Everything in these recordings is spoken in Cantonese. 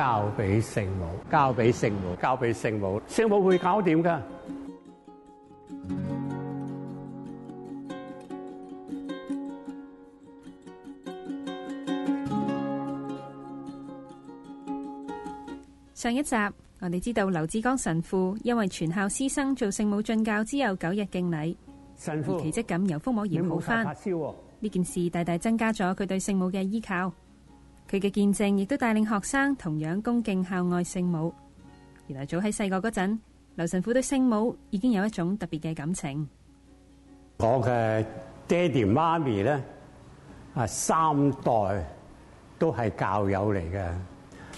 交俾聖母，交俾聖母，交俾聖母，聖母會搞掂噶。上一集我哋知道劉志剛神父因為全校師生做聖母進教之佑九日敬禮，神父奇迹咁由瘋魔而好翻，呢件事大大增加咗佢對聖母嘅依靠。佢嘅見證亦都帶領學生同樣恭敬孝愛聖母。原來早喺細個嗰陣，劉神父對聖母已經有一種特別嘅感情。我嘅爹哋媽咪咧，啊三代都係教友嚟嘅，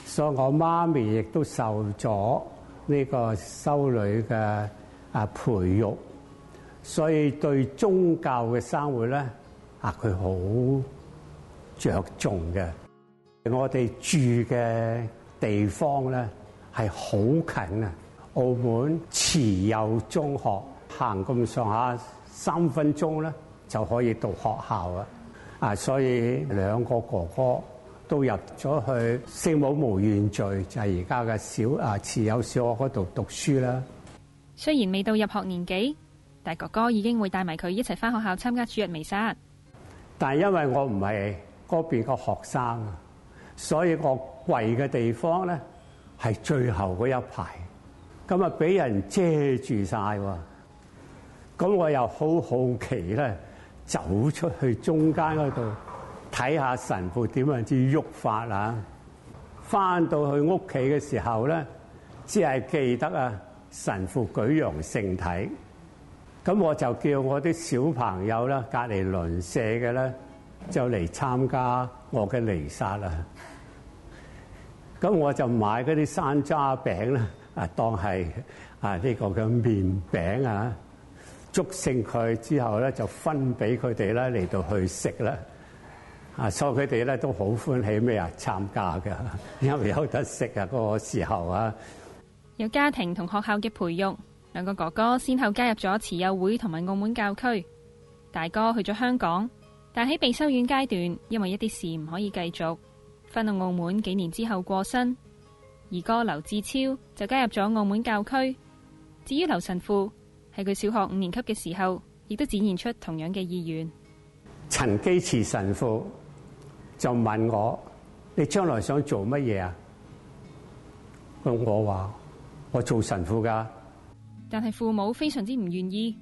所以我媽咪亦都受咗呢個修女嘅啊培育，所以對宗教嘅生活咧，啊佢好着重嘅。我哋住嘅地方咧係好近啊，澳門慈幼中學行咁上下三分鐘咧就可以到學校啊。啊，所以兩個哥哥都入咗去聖母無原罪，就係而家嘅小啊慈幼小學嗰度讀書啦。雖然未到入學年紀，但哥哥已經會帶埋佢一齊翻學校參加主日彌撒。但係因為我唔係嗰邊個學生。所以我跪嘅地方咧，係最後嗰一排，咁啊俾人遮住晒喎。咁我又好好奇咧，走出去中間嗰度睇下神父點樣至喐法啊！翻到去屋企嘅時候咧，只係記得啊神父舉揚聖體。咁我就叫我啲小朋友咧，隔離鄰舍嘅咧，就嚟參加。我嘅離沙啦，咁我就買嗰啲山楂餅啦。啊當係啊呢個嘅麵餅啊，祝聖佢之後咧就分俾佢哋咧嚟到去食啦，啊，所以佢哋咧都好歡喜咩啊參加嘅，因為有，有得食啊嗰、嗰個時候啊。有家庭同學校嘅培育，兩個哥哥先後加入咗慈幼會同埋澳門教區，大哥去咗香港。但喺被修院階段，因為一啲事唔可以繼續，翻到澳門幾年之後過身。二哥劉志超就加入咗澳門教區。至於劉神父，喺佢小學五年級嘅時候，亦都展現出同樣嘅意願。陳基慈神父就問我：你將來想做乜嘢啊？咁我話：我做神父噶。但係父母非常之唔願意，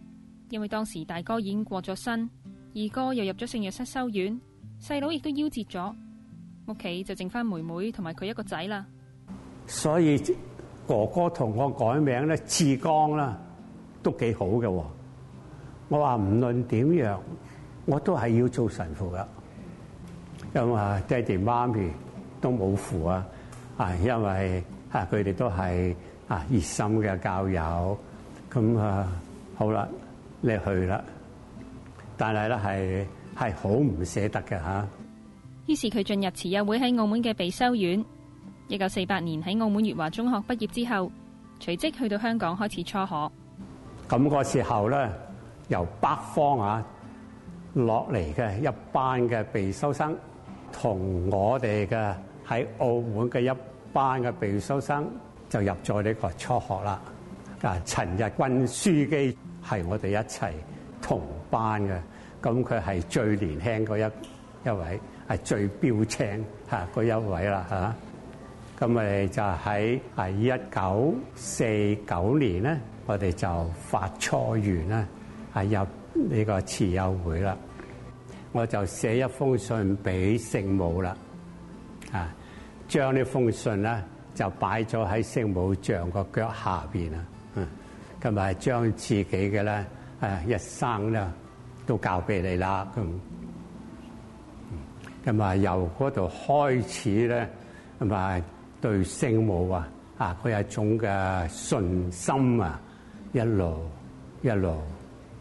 因為當時大哥已經過咗身。二哥又入咗聖約瑟修院，細佬亦都夭折咗，屋企就剩返妹妹同埋佢一個仔啦。所以哥哥同我改名咧志剛啦，都幾好嘅。我話唔論點樣，我都係要做神父噶。咁啊，爹哋媽咪都冇符啊，啊，因為啊佢哋都係啊熱心嘅教友。咁啊，好啦，你去啦。但係咧，係係好唔捨得嘅嚇。於是佢進入慈幼會喺澳門嘅備修院，一九四八年喺澳門粵華中學畢業之後，隨即去到香港開始初學。咁、那個時候咧，由北方啊落嚟嘅一班嘅備修生，同我哋嘅喺澳門嘅一班嘅備修生就入咗呢個初學啦。啊，陳日君樞機係我哋一齊同班嘅。咁佢係最年輕嗰一一位，係最標青嚇嗰一位啦嚇。咁咪就喺係一九四九年咧，我哋就發初願咧，係入呢個慈幼會啦。我就寫一封信俾聖母啦，啊，將呢封信咧就擺咗喺聖母像個腳下邊啊，嗯，同埋將自己嘅咧誒一生咧。都教俾你啦，咁，咁啊由嗰度開始咧，咁啊對聖母啊，啊佢一種嘅信心啊，一路一路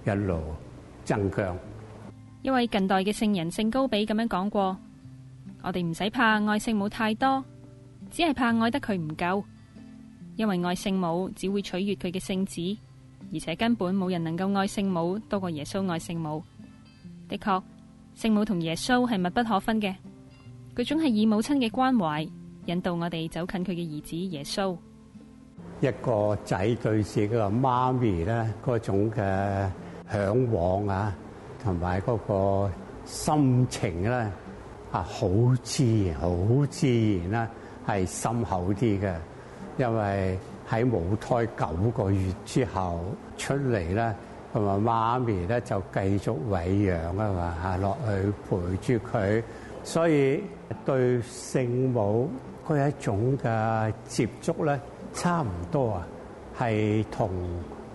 一路增強。一位近代嘅聖人聖高比咁樣講過：我哋唔使怕愛聖母太多，只係怕愛得佢唔夠，因為愛聖母只會取悅佢嘅聖子。而且根本冇人能夠愛聖母多過耶穌愛聖母。的確，聖母同耶穌係密不可分嘅。佢總係以母親嘅關懷引導我哋走近佢嘅兒子耶穌。一個仔對住個媽咪咧，嗰種嘅向往啊，同埋嗰個心情咧，啊，好自然，好自然啦，係深厚啲嘅，因為。喺母胎九個月之後出嚟咧，同埋媽咪咧就繼續餵養啊嘛，落去陪住佢，所以對聖母嗰一種嘅接觸咧，差唔多啊，係同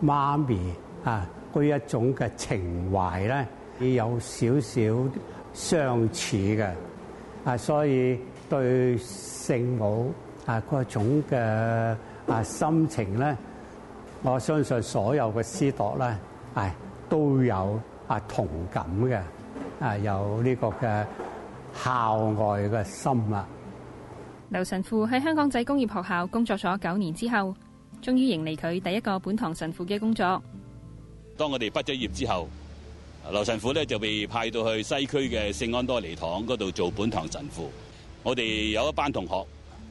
媽咪啊嗰一種嘅情懷咧，有少少相似嘅啊，所以對聖母啊嗰種嘅。啊，心情咧，我相信所有嘅師鐸咧，都有啊同感嘅，啊有呢個嘅校外嘅心啊。劉神父喺香港仔工業學校工作咗九年之後，終於迎嚟佢第一個本堂神父嘅工作。當我哋畢咗業之後，劉神父咧就被派到去西區嘅聖安多尼堂度做本堂神父。我哋有一班同學。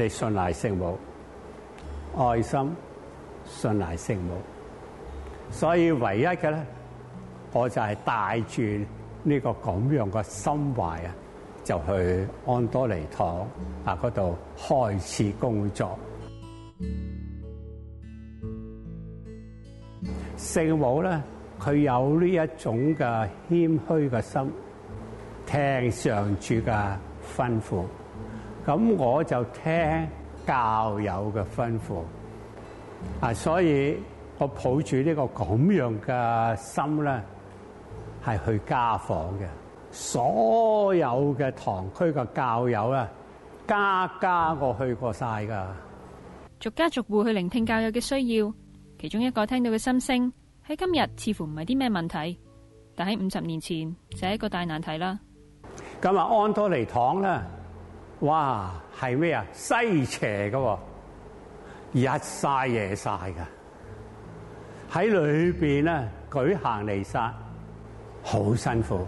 你信賴聖母，愛心信賴聖母，所以唯一嘅咧，我就係帶住呢個咁樣嘅心懷啊，就去安多尼堂啊嗰度開始工作。聖母咧，佢有呢一種嘅謙虛嘅心，聽上主嘅吩咐。咁我就聽教友嘅吩咐，啊，所以我抱住呢個咁樣嘅心咧，係去家訪嘅。所有嘅堂區嘅教友咧，家家我去過曬㗎。逐家逐戶去聆聽教友嘅需要，其中一個聽到嘅心聲，喺今日似乎唔係啲咩問題，但喺五十年前就係一個大難題啦。咁啊，安多尼堂咧。哇，係咩呀？西斜㗎，日曬夜曬㗎，喺裏邊咧舉行彌撒，好辛苦。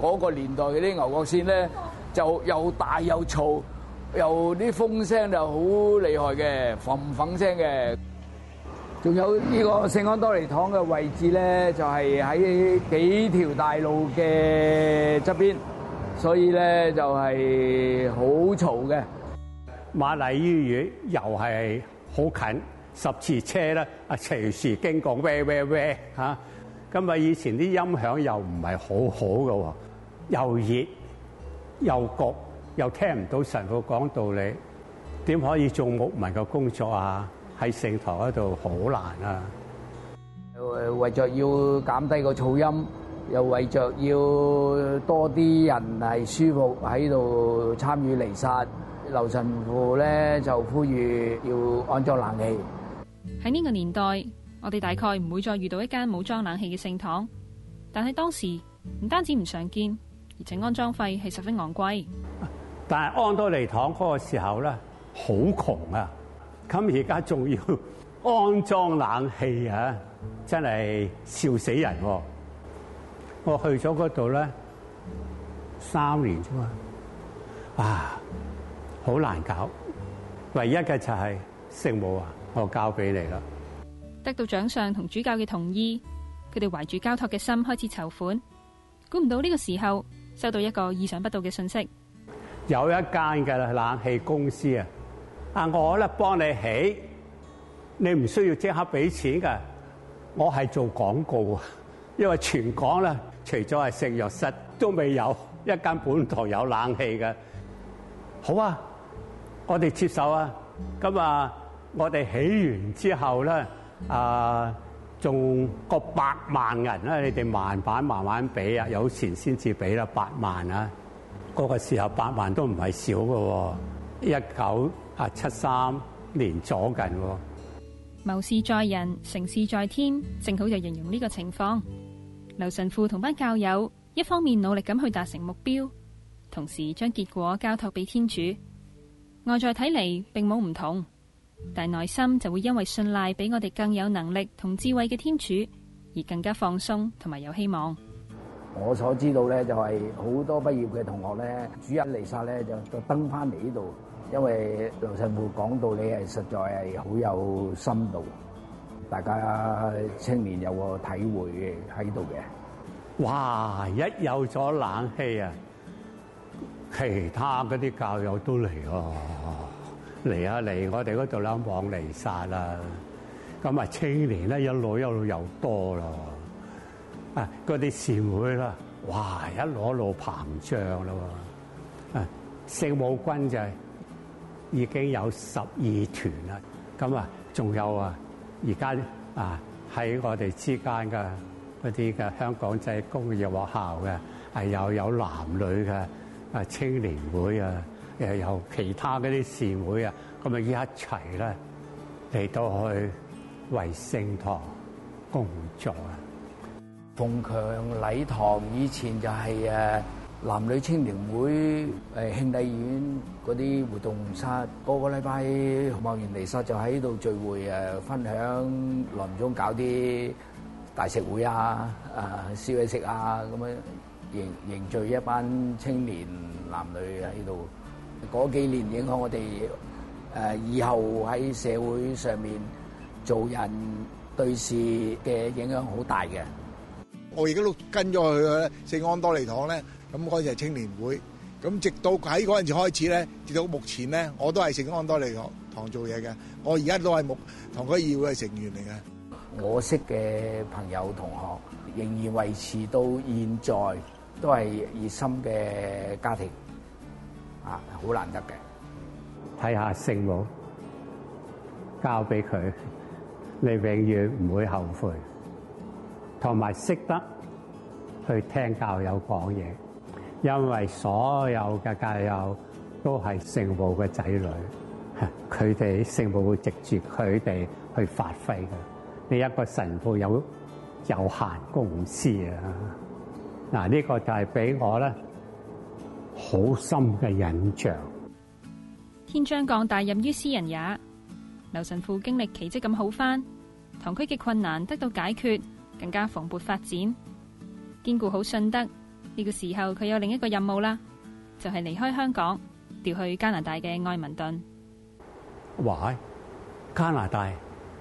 嗰、那個年代嘅啲牛角線咧，就又大又嘈，又啲風聲就好厲害嘅，粉粉聲嘅。仲有呢個聖安多尼堂嘅位置咧，就係、是、喺幾條大路嘅側邊。所以咧就係好嘈嘅，瑪麗醫院又係好近，十字車啦，啊隨時經過，喂喂喂嚇。咁啊，以前啲音響又唔係好好嘅，又熱又焗，又聽唔到神父講道理，點可以做牧民嘅工作啊？喺聖堂嗰度好難啊！為咗要減低個噪音。又為着要多啲人係舒服喺度參與彌撒，劉神父咧就呼籲要安裝冷氣。喺呢個年代，我哋大概唔會再遇到一間冇裝冷氣嘅聖堂，但係當時唔單止唔常見，而且安裝費係十分昂貴。但係安多尼堂嗰個時候咧，好窮啊！咁而家仲要安裝冷氣啊，真係笑死人喎，啊！我去咗嗰度咧三年啫嘛，啊，好難搞。唯一嘅就係聖母啊，我交俾你啦。得到長上同主教嘅同意，佢哋懷住交託嘅心開始籌款。估唔到呢個時候收到一個意想不到嘅信息，有一間嘅冷氣公司啊，啊我咧幫你起，你唔需要即刻俾錢㗎。我係做廣告啊，因為全港啦。除咗係食藥室都未有一間本堂有冷氣嘅，好啊，我哋接手啊。咁啊，我哋起完之後咧，啊，仲個百萬人咧，你哋慢慢慢慢俾啊，有錢先至俾啦，百萬啊，嗰個時候百萬都唔係少嘅喎，一九啊七三年左近喎。謀事在人，成事在天，正好就形容呢個情況。劉神父同班教友一方面努力咁去達成目標，同時將結果交託俾天主。外在睇嚟並冇唔同，但係內心就會因為信賴比我哋更有能力同智慧嘅天主，而更加放鬆同埋有希望。我所知道咧，就係好多畢業嘅同學咧，主日彌撒咧就就登翻嚟呢度，因為劉神父講道理係實在係好有深度。大家青年有個體會嘅喺度嘅，哇！一有咗冷氣啊，其他嗰啲教友都嚟喎，嚟啊嚟，我哋嗰度咧往嚟曬啦，咁啊青年咧一路一路又多咯，啊嗰啲善會啦，哇！一路一路膨脹啦，啊聖母軍就係已經有十二團啦，咁啊仲有啊～而家啊，喺我哋之間嘅啲嘅香港仔工業學校嘅，係又有男女嘅啊青年會啊，又有其他嗰啲善會啊，咁啊一齊咧嚟到去為聖堂工作啊。鳳強禮堂以前就係誒。男女青年會，誒，慶禮院嗰啲活動室，個個禮拜望完彌撒就喺度聚會誒，分享，臨中搞啲大食會啊，啊燒嘢食啊，咁樣凝凝聚一班青年男女喺度。嗰幾年影響我哋誒以後喺社會上面做人對事嘅影響好大嘅。我而家都跟咗佢去聖安多尼堂咧。咁嗰陣時係青年會，咁直到喺嗰陣時開始咧，直到目前咧，我都係聖安多尼堂做嘢嘅。我而家都係木堂嘅議會成員嚟嘅。我識嘅朋友同學，仍然維持到現在都係熱心嘅家庭，啊，好難得嘅。睇下聖母，交俾佢，你永遠唔會後悔，同埋識得去聽教友講嘢。因為所有嘅教友都係聖母嘅仔女，佢哋聖母會直接佢哋去發揮嘅。你一個神父有有限公司啊！嗱，呢個就係俾我咧好深嘅印象。天將降大任於斯人也，劉神父經歷奇蹟咁好翻，堂區嘅困難得到解決，更加蓬勃發展，堅固好信德。呢、這個時候佢有另一個任務啦，就係、是、離開香港調去加拿大嘅愛文頓。喂，加拿大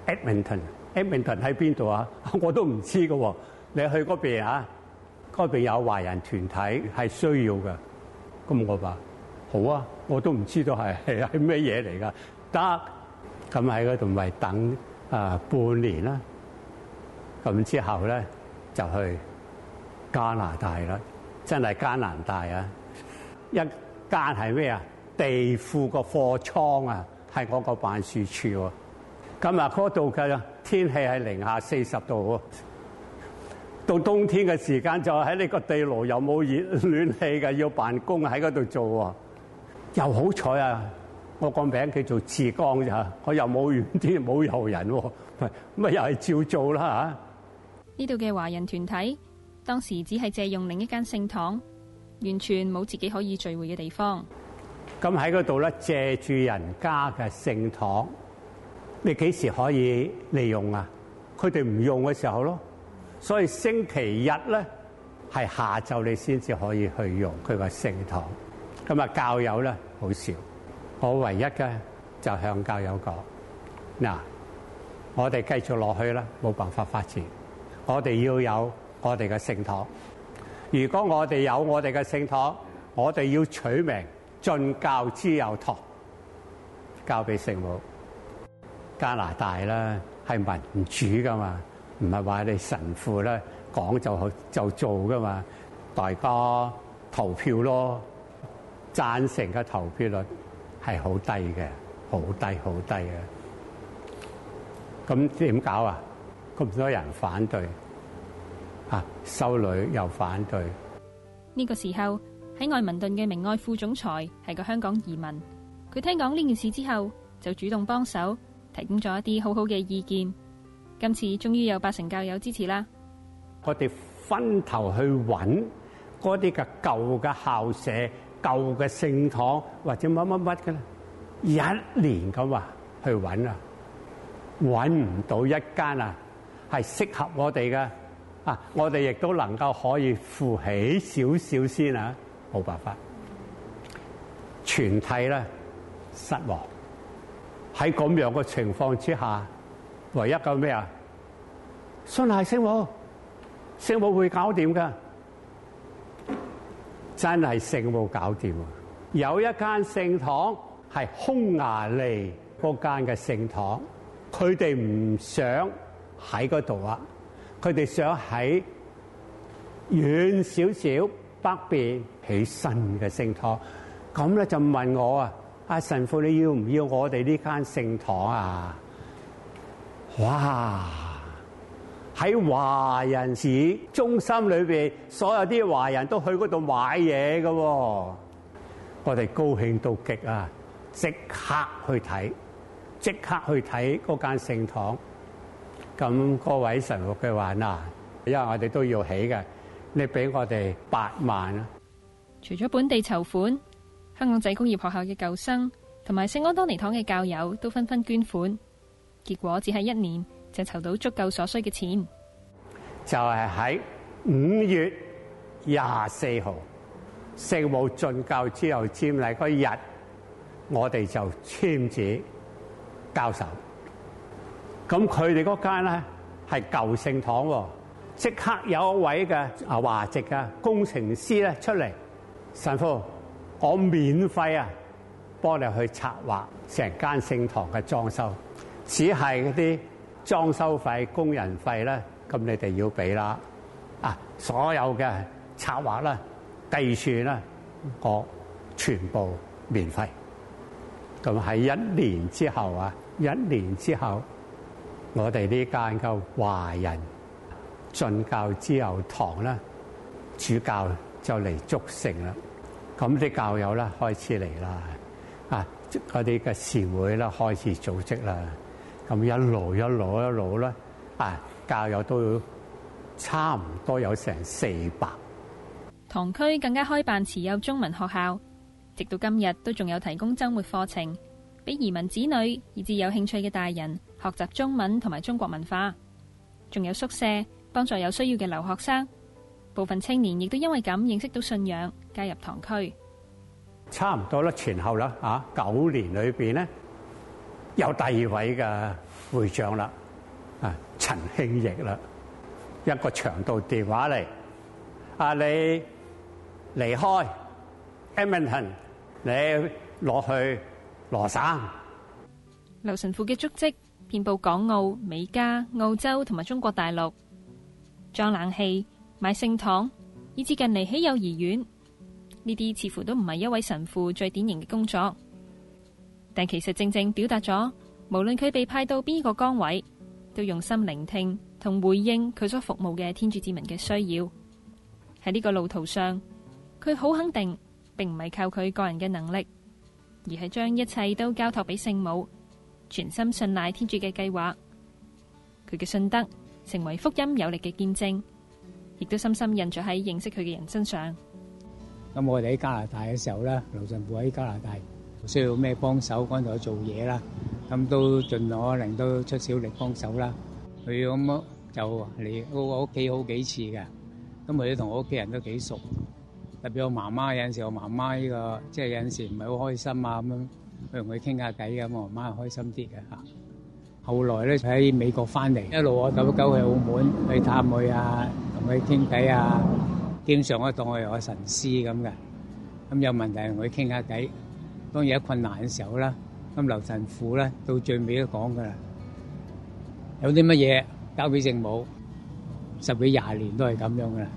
Edmonton，Edmonton 喺 Edmonton 邊度啊？我都唔知噶、哦。你去嗰邊啊？嗰邊有華人團體係需要噶。咁我話好啊，我都唔知道係係咩嘢嚟噶。得咁喺嗰度咪等啊、呃、半年啦、啊。咁之後咧就去加拿大啦。真係加拿大啊！一間係咩啊？地庫個貨倉啊，係我個辦事處喎。今日嗰度嘅天氣係零下四十度喎、啊。到冬天嘅時間就喺呢個地牢又沒有，又冇熱暖氣嘅，要辦公喺嗰度做喎、啊。又好彩啊！我個名叫做志剛咋，我又冇遠啲冇遊人喎、啊，咪咁咪又係照做啦、啊、嚇。呢度嘅華人團體。當時只係借用另一間聖堂，完全冇自己可以聚會嘅地方。咁喺嗰度咧，借住人家嘅聖堂，你幾時可以利用啊？佢哋唔用嘅時候咯。所以星期日咧係下晝，你先至可以去用佢個聖堂。咁啊，教友咧好少。我唯一嘅就向教友講，嗱，我哋繼續落去啦，冇辦法發展，我哋要有。.我哋嘅聖堂，如果我哋有我哋嘅聖堂，我哋要取名進教之佑堂，交俾聖母。加拿大咧係民主噶嘛，唔係話你神父咧講就好就做噶嘛，大家投票咯，贊成嘅投票率係好低嘅，好低好低嘅。咁點搞啊？咁多人反對。啊，修女又反對。呢個時候，喺愛民頓嘅明愛副總裁係個香港移民。佢聽講呢件事之後，就主動幫手，提供咗一啲好好嘅意見。今次終於有八成教友支持啦！我哋分頭去揾嗰啲嘅舊嘅校舍、舊嘅聖堂或者乜乜乜嘅，一年咁啊去揾啊，揾唔到一間啊，係適合我哋嘅。啊！我哋亦都能夠可以扶起少少先啊，冇辦法。全體咧失望，喺咁樣嘅情況之下，唯一嘅咩啊？信係聖母，聖母會搞掂㗎？真係聖母搞掂啊！有一間聖堂係匈牙利嗰間嘅聖堂，佢哋唔想喺嗰度啊！佢哋想喺遠少少北邊起新嘅聖堂，咁咧就問我啊，阿神父你要唔要我哋呢間聖堂啊？哇！喺華人市中心裏邊，所有啲華人都去嗰度買嘢㗎，啊，我哋高興到極啊！即刻去睇，即刻去睇嗰間聖堂。咁各位神父嘅話嗱，因為我哋都要起嘅，你俾我哋八萬啊。除咗本地籌款，香港仔工業學校嘅舊生同埋聖安多尼堂嘅教友都紛紛捐款，結果只係一年就籌到足夠所需嘅錢。就係喺五月廿四號聖母進教之佑，瞻禮嗰日，我哋就簽字交手。咁佢哋嗰間咧係舊聖堂喎，即刻有一位嘅啊華籍嘅工程師咧出嚟，神父，我免費啊幫你去策劃成間聖堂嘅裝修，只係嗰啲裝修費、工人費咧，咁你哋要俾啦啊！所有嘅策劃啦、計算咧，我全部免費。咁喺一年之後啊，一年之後。我哋呢間嘅華人進教之后堂咧，主教就嚟祝成啦，咁啲教友咧開始嚟啦，啊，嗰啲嘅事會咧開始組織啦，咁一路一路一路咧，啊，教友都差唔多有成四百。堂區更加開辦持有中文學校，直到今日都仲有提供周末課程，俾移民子女以至有興趣嘅大人。學習中文同埋中國文化，仲有宿舍幫助有需要嘅留學生。部分青年亦都因為咁認識到信仰，加入堂區。差唔多啦，前後啦啊，九年裏邊咧，有第二位嘅會長啦，啊陳興義啦，一個長途電話嚟，啊你離開 Edmonton，你落去羅省。劉神父嘅足跡。遍佈港澳、美加、澳洲同埋中國大陸，裝冷氣、買聖堂，以至近嚟起幼兒園，呢啲似乎都唔係一位神父最典型嘅工作。但其實正正表達咗，無論佢被派到邊一個崗位，都用心聆聽同回應佢所服務嘅天主子民嘅需要。喺呢個路途上，佢好肯定，並唔係靠佢個人嘅能力，而係將一切都交託俾聖母。全心信賴天主嘅計劃，佢嘅信德成為福音有力嘅見證，亦都深深印在喺認識佢嘅人身上。咁我哋喺加拿大嘅時候咧，劉神父喺加拿大需要咩幫手，幫助做嘢啦，咁都盡可能都出少力幫手啦。佢咁就嚟我屋企好幾次嘅，咁佢都同我屋企人都幾熟，特別我媽媽有陣時，我媽媽呢個即係有陣時唔係好開心啊咁樣。去同佢傾下偈咁，我媽係開心啲嘅嚇。後來咧喺美國翻嚟，一路我走一走去澳門去探佢啊，同佢傾偈啊，兼常我當係我神師咁嘅。咁有問題同佢傾下偈。當有困難嘅時候啦，咁劉神父咧到最尾都講噶啦，有啲乜嘢交俾聖母，十幾廿年都係咁樣噶啦。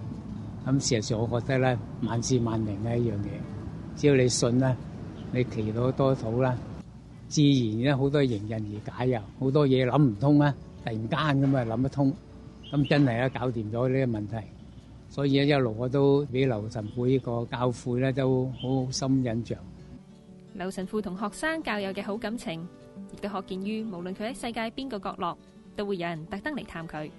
咁事實上我覺得咧，萬事萬靈咧，一樣嘢，只要你信咧。你祈禱多數啦？自然咧，好多迎刃而解又好多嘢諗唔通啊！突然間咁啊，諗得通，咁真係啊，搞掂咗呢個問題。所以咧一路我都俾劉神父呢個教父咧都好深印象。劉神父同學生教友嘅好感情，亦都可見於無論佢喺世界邊個角落，都會有人特登嚟探佢。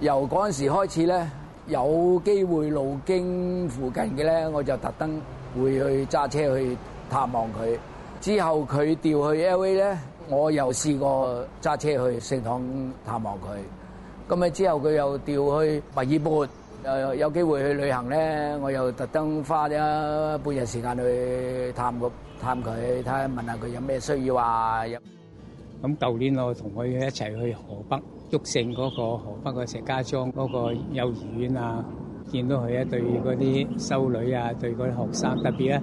由嗰陣時開始咧，有機會路經附近嘅咧，我就特登會去揸車去。探望佢之後，佢調去 L.A. 咧，我又試過揸車去聖堂探望佢。咁啊，之後佢又調去維爾貝，又有機會去旅行咧，我又特登花咗半日時間去探個探佢，睇下問下佢有咩需要啊。咁舊年我同佢一齊去河北玉成嗰個河北嘅石家莊嗰個幼兒園啊，見到佢一對嗰啲修女啊，對嗰啲學生特別咧。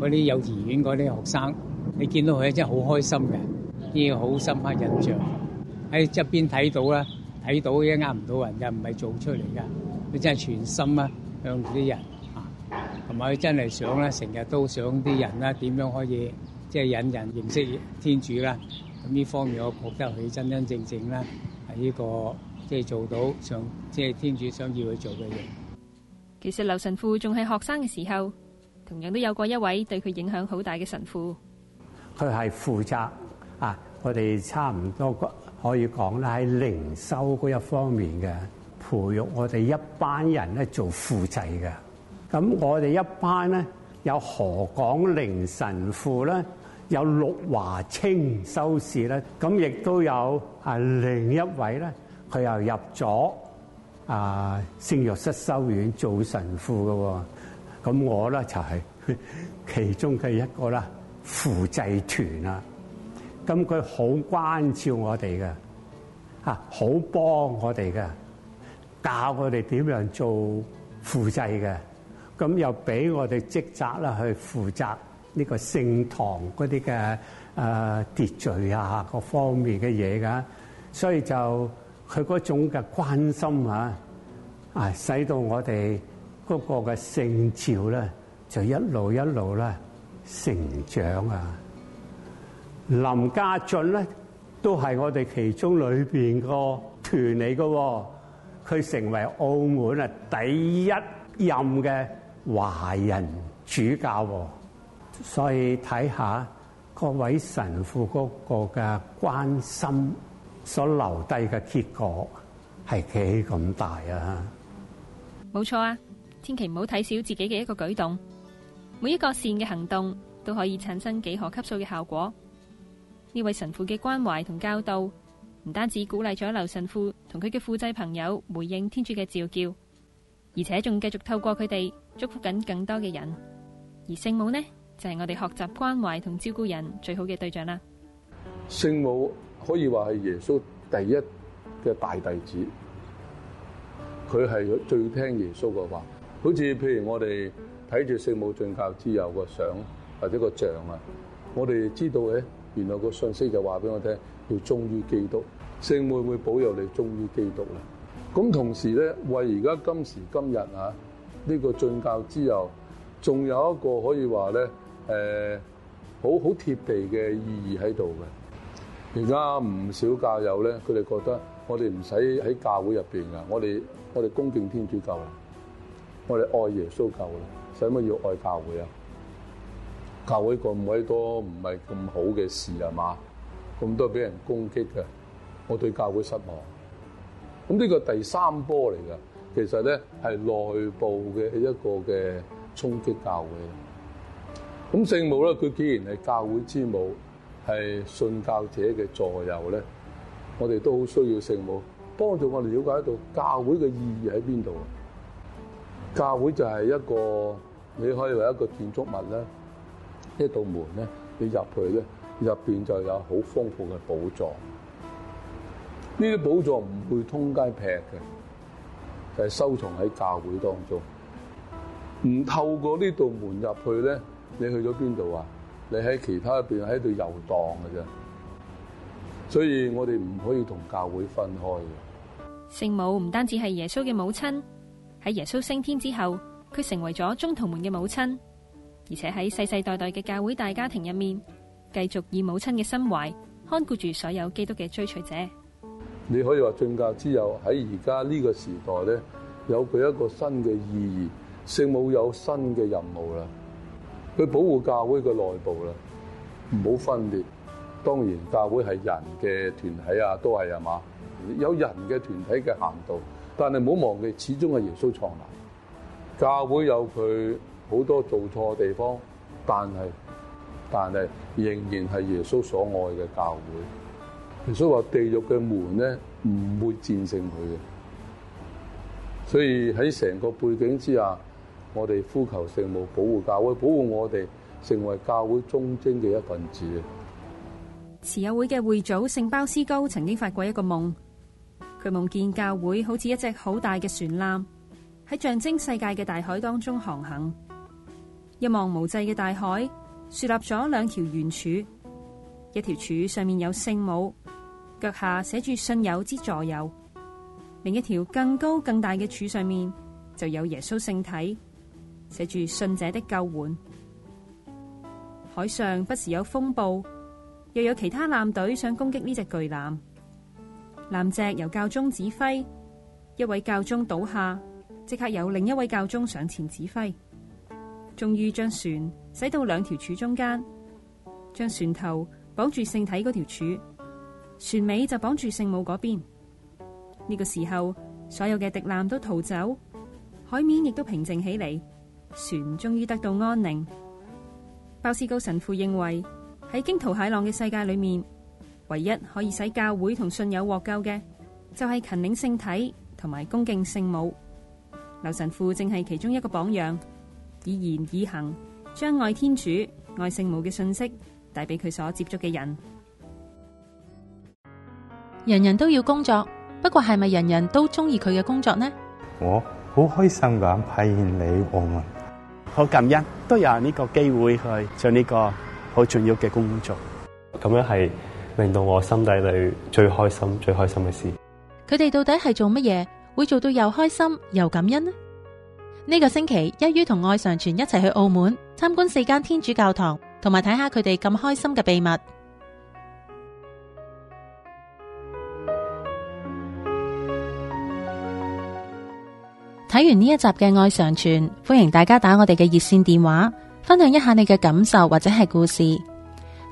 嗰啲幼兒園嗰啲學生，你見到佢真係好開心嘅，呢個好深刻印象。喺側邊睇到啦，睇到咧呃唔到人嘅，唔係做出嚟噶，佢真係全心啊向住啲人啊，同埋佢真係想咧，成日都想啲人咧點樣可以即係、就是、引人認識天主啦。咁呢方面我覺得佢真真正正咧係呢個即係、就是、做到想即係、就是、天主想要佢做嘅嘢。其實劉神父仲係學生嘅時候，同樣都有過一位對佢影響好大嘅神父，佢係負責啊，我哋差唔多可以講咧喺靈修嗰一方面嘅培育，我哋一班人咧做副祭嘅。咁我哋一班咧有何廣靈神父咧，有陸華清修士咧，咁亦都有啊另一位咧，佢又入咗啊聖若瑟修院做神父嘅。咁我咧就係其中嘅一個啦，扶祭團啦。咁佢好關照我哋嘅，好幫我哋嘅，教我哋點樣做扶祭嘅。咁又俾我哋職責啦，去負責呢個聖堂嗰啲嘅誒秩序啊、各方面嘅嘢㗎。所以就佢嗰種嘅關心啊，啊使到我哋。嗰個嘅聖朝咧，就一路一路咧成長啊！林家駿咧，都係我哋其中裏邊個團嚟㗎，佢成為澳門啊第一任嘅華人主教喎，所以睇下各位神父嗰個嘅關心所留低嘅結果係幾咁大啊！冇錯啊！千祈唔好睇小自己嘅一個舉動，每一個善嘅行動都可以產生幾何級數嘅效果。呢位神父嘅關懷同教導，唔單止鼓勵咗劉神父同佢嘅輔祭朋友回應天主嘅召叫，而且仲繼續透過佢哋祝福緊更多嘅人。而聖母呢，就係、是、我哋學習關懷同照顧人最好嘅對象啦。聖母可以話係耶穌第一嘅大弟子，佢係最聽耶穌嘅話。好似譬如我哋睇住聖母進教之佑個相或者個像啊，我哋知道呢，原來個信息就話俾我聽，要忠於基督，聖母會保佑你忠於基督。咁同時咧，為而家今時今日啊，呢個進教之佑仲有一個可以話咧，誒好好貼地嘅意義喺度嘅。而家唔少教友咧，佢哋覺得我哋唔使喺教會入邊啊，我哋我哋恭敬天主教。我哋愛耶穌夠啦，使乜要愛教會啊？教會咁鬼多唔係咁好嘅事係嘛？咁多俾人攻擊嘅，我對教會失望。咁呢個第三波嚟噶，其實咧係內部嘅一個嘅衝擊教會。咁聖母咧，佢既然係教會之母，係信教者嘅助佑咧，我哋都好需要聖母幫助我哋了解到教會嘅意義喺邊度。教會就係一個，你可以話一個建築物咧，一道門咧，你入去咧，入邊就有好豐富嘅寶藏。呢啲寶藏唔會通街劈嘅，就係收藏喺教會當中。唔透過呢道門入去咧，你去咗邊度啊？你喺其他入邊喺度遊蕩㗎啫。所以我哋唔可以同教會分開嘅。聖母唔單止係耶穌嘅母親。喺耶穌升天之後，佢成為咗宗徒們嘅母親，而且喺世世代代嘅教會大家庭入面，繼續以母親嘅心懷看顧住所有基督嘅追隨者。你可以話進教之佑喺而家呢個時代咧，有佢一個新嘅意義，聖母有新嘅任務啦，佢保護教會嘅內部啦，唔好分裂。當然，教會係人嘅團體啊，都係啊嘛，有人嘅團體嘅限度。但係唔好忘記，始終係耶穌創立教會，有佢好多做錯嘅地方，但係但係仍然係耶穌所愛嘅教會。耶穌話：地獄嘅門咧，唔會戰勝佢嘅。所以喺成個背景之下，我哋呼求聖母保護教會，保護我哋成為教會忠貞嘅一份子。慈幼會嘅會祖聖鮑思高曾經發過一個夢。佢夢見教會好似一隻好大嘅船艦，喺象徵世界嘅大海當中航行。一望無際嘅大海，樹立咗兩條圓柱，一條柱上面有聖母，腳下寫住信友之助友；另一條更高更大嘅柱上面就有耶穌聖體，寫住信者的救援。海上不時有風暴，又有其他艦隊想攻擊呢隻巨艦。艦隻由教宗指揮，一位教宗倒下，即刻由另一位教宗上前指揮，終於將船駛到兩條柱中間，將船頭綁住聖體嗰條柱，船尾就綁住聖母嗰邊。呢、這個時候，所有嘅敵艦都逃走，海面亦都平靜起嚟，船終於得到安寧。鮑斯高神父認為喺驚濤駭浪嘅世界裏面。唯一可以使教會同信友獲救嘅，就係勤領聖體同埋恭敬聖母。劉神父正係其中一個榜樣，以言以行將愛天主、愛聖母嘅信息帶俾佢所接觸嘅人。人人都要工作，不過係咪人人都中意佢嘅工作呢？我好開心咁派你，我好感恩都有呢個機會去做呢個好重要嘅工作，咁樣係。令到我心底裏最開心、最開心嘅事。佢哋到底係做乜嘢？會做到又開心又感恩呢？呢、這個星期，一於同愛常傳一齊去澳門參觀四間天主教堂，同埋睇下佢哋咁開心嘅秘密。睇完呢一集嘅愛常傳，歡迎大家打我哋嘅熱線電話，分享一下你嘅感受或者係故事。